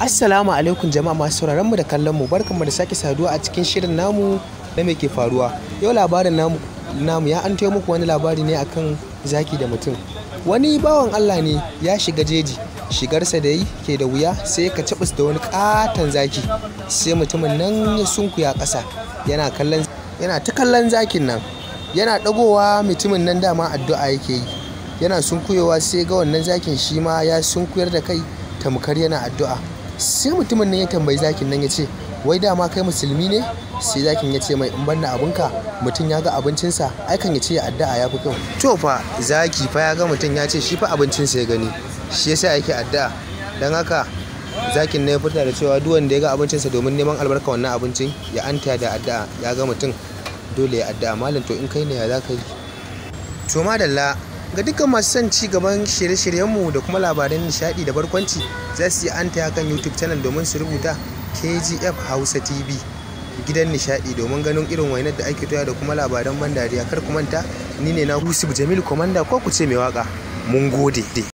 Assalamu alaikum jama'a masu sauraron mu da kallon mu barkanmu da sake saduwa a cikin shirin namu na me ke faruwa. Yau labarin namu namu ya an muku wani labari ne akan zaki da mutum. Wani bawan Allah ne ya shiga jeji shigarsa da yi ke da wuya sai ka cibis da wani katan zaki sai mutumin nan ya sunkuya kasa yana kallon yana ta kallon zakin nan yana dagowa mutumin nan dama addu'a yake yi yana sunkuyowa sai ga wannan zakin shi ma ya sunkuyar da kai tamkar yana addu'a sai mutumin nan ya tambayi zakin nan ya ce wai dama kai musulmi ne sai zakin ya ce mai in banna abinka mutum ya ga abincinsa aikan ya ce ya addu'a ya fi kyau to fa zaki fa ya ga mutum ya ce shi fa abincinsa ya gani shi yasa yake addu'a dan haka zakin na ya furta da cewa duk wanda ya ga abincinsa domin neman albarka wannan abincin ya anta da addu'a ya ga mutum dole ya addu'a malam to in kai ne ya za yi to madalla ga dukkan masu son ci gaban shirye-shiryenmu da kuma labaran nishadi da barkwanci za su yi an ta kan youtube channel domin su rubuta kgf hausa tv gidan nishadi domin ganin irin wainar da ake toya da kuma labaran ban dariya kar ku manta ni ne na husib jamil komanda ko ku ce mai waka mun gode